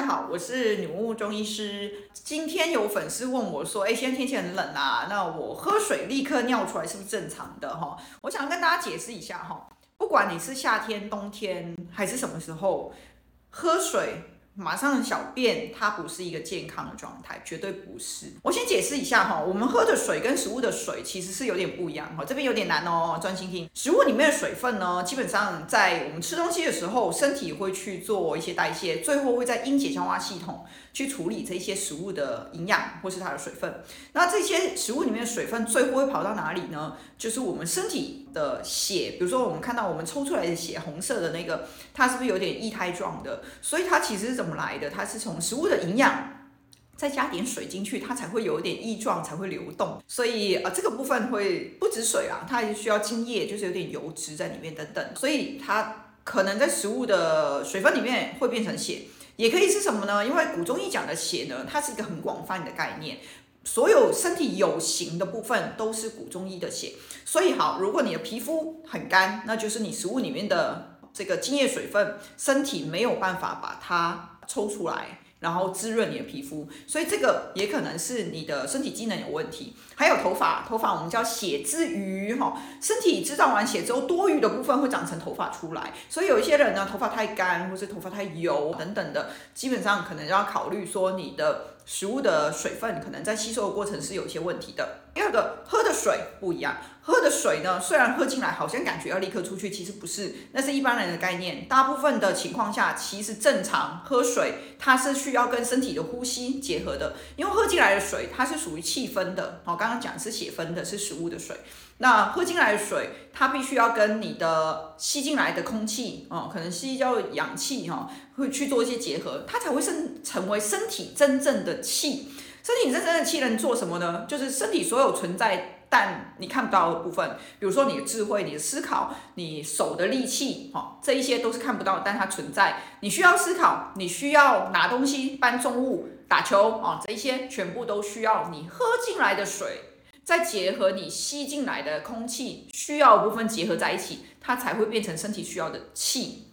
大家好，我是女巫中醫師。今天有粉絲問我說：“哎、欸，現在天氣很冷啊，那我喝水立刻尿出來是不是正常的？”哈，我想跟大家解釋一下哈，不管你是夏天、冬天還是什麼時候，喝水，馬上小便，它不是一個健康的狀態，絕對不是。我先解釋一下哈，我們喝的水跟食物的水其實是有點不一樣哈。這邊有點難哦，專心聽。食物裡面的水分呢，基本上在我們吃東西的時候，身體會去做一些代謝，最後會在分解消化系統去處理這些食物的營養或是它的水分。那這些食物裡面的水分最後會跑到哪裡呢？就是我們身體的血，比如說我們看到我們抽出來的血，紅色的那個，它是不是有點液態狀的？所以它其實是怎麼？怎麼來的？它是從食物的營養，再加點水進去，它才會有點液狀，才會流動。所以啊、呃，這個部分會不止水啊，它還需要精液，就是有點油脂在裡面等等。所以它可能在食物的水分裡面會變成血，也可以是什麼呢？因為古中醫講的血呢，它是一個很廣泛的概念，所有身體有形的部分都是古中醫的血。所以好，如果你的皮膚很乾，那就是你食物裡面的這個精液水分，身體沒有辦法把它。抽出來，然後滋潤你的皮膚，所以這個也可能是你的身體機能有問題。還有頭髮，頭髮我們叫血之餘哈，身體制造完血之後，多餘的部分會長成頭髮出來。所以有一些人呢，頭髮太乾或是頭髮太油等等的，基本上可能就要考慮說你的食物的水分可能在吸收的過程是有些問題的。第二個喝的，水不一樣，喝的水呢？雖然喝進來好像感覺要立刻出去，其實不是，那是一般人的概念。大部分的情況下，其實正常喝水，它是需要跟身體的呼吸結合的。因為喝進來的水，它是屬於氣分的哦。剛剛講是血分的，是食物的水。那喝進來的水，它必須要跟你的吸進來的空氣哦，可能吸叫氧氣哈，哦，會去做一些結合，它才會生成為身體真正的氣。身體真正的氣能做什麼呢？就是身體所有存在。但你看不到的部分，比如說你的智慧、你的思考、你手的力氣，哈、哦，這一些都是看不到的，但它存在。你需要思考，你需要拿東西搬重物、打球，哦、這一些全部都需要你喝進來的水，再結合你吸進來的空氣，需要的部分結合在一起，它才會變成身體需要的氣。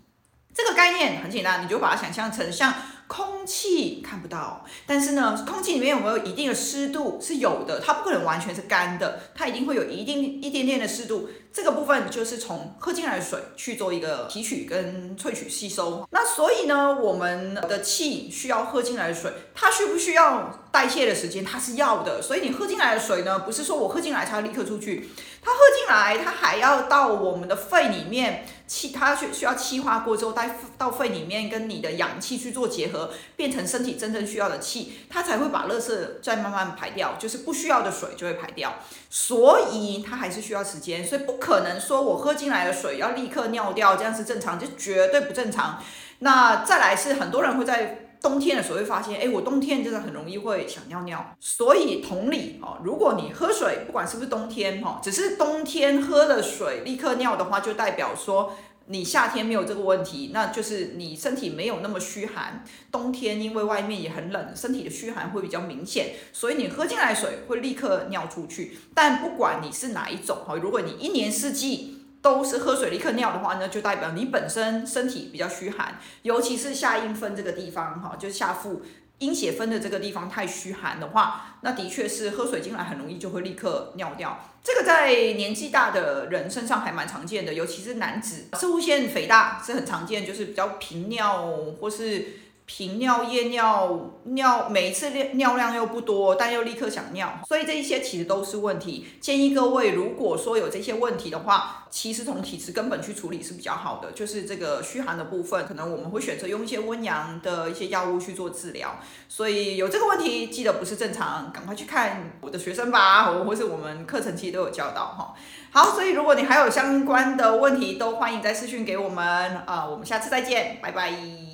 這個概念很簡單，你就把它想象成像。空氣看不到，但是呢，空氣裡面有沒有一定的濕度？是有的，它不可能完全是乾的，它一定會有一定一點點的濕度。這個部分就是從喝進來的水去做一個提取跟萃取吸收，那所以呢，我們的氣需要喝進來的水，它需不需要代謝的時間？它是要的。所以你喝進來的水呢，不是說我喝進來它立刻出去，它喝進來它還要到我們的肺裡面氣，它需要氣化過之後，帶到肺裡面跟你的氧氣去做結合，變成身體真正需要的氣，它才會把垃圾再慢慢排掉，就是不需要的水就會排掉，所以它還是需要時間，所以不。可能說，我喝進來的水要立刻尿掉，這樣是正常，這絕對不正常。那再來是很多人會在冬天的時候會發現，哎，我冬天真的很容易會想尿尿。所以同理哦，如果你喝水不管是不是冬天哈，只是冬天喝了水立刻尿的話，就代表說。你夏天沒有這個問題，那就是你身體沒有那麼虛寒。冬天因為外面也很冷，身體的虛寒會比較明顯，所以你喝進來水會立刻尿出去。但不管你是哪一種哈，如果你一年四季都是喝水立刻尿的話呢，那就代表你本身身體比較虛寒，尤其是下陰分這個地方哈，就是下腹。陰血分的這個地方太虛寒的話，那的確是喝水進來很容易就會立刻尿掉。這個在年紀大的人身上還蠻常見的，尤其是男子，攝護腺肥大是很常見，就是比較頻尿或是。頻尿夜尿尿，每一次尿尿量又不多，但又立刻想尿，所以這些其實都是問題。建議各位，如果說有這些問題的話，其實從體質根本去處理是比較好的，就是這個虛寒的部分，可能我們會選擇用一些溫陽的一些藥物去做治療。所以有這個問題，記得不是正常，趕快去看我的學生吧，或或是我們課程期都有教導哈。好，所以如果你還有相關的問題，都歡迎在私訊給我們啊、呃，我們下次再見，拜拜。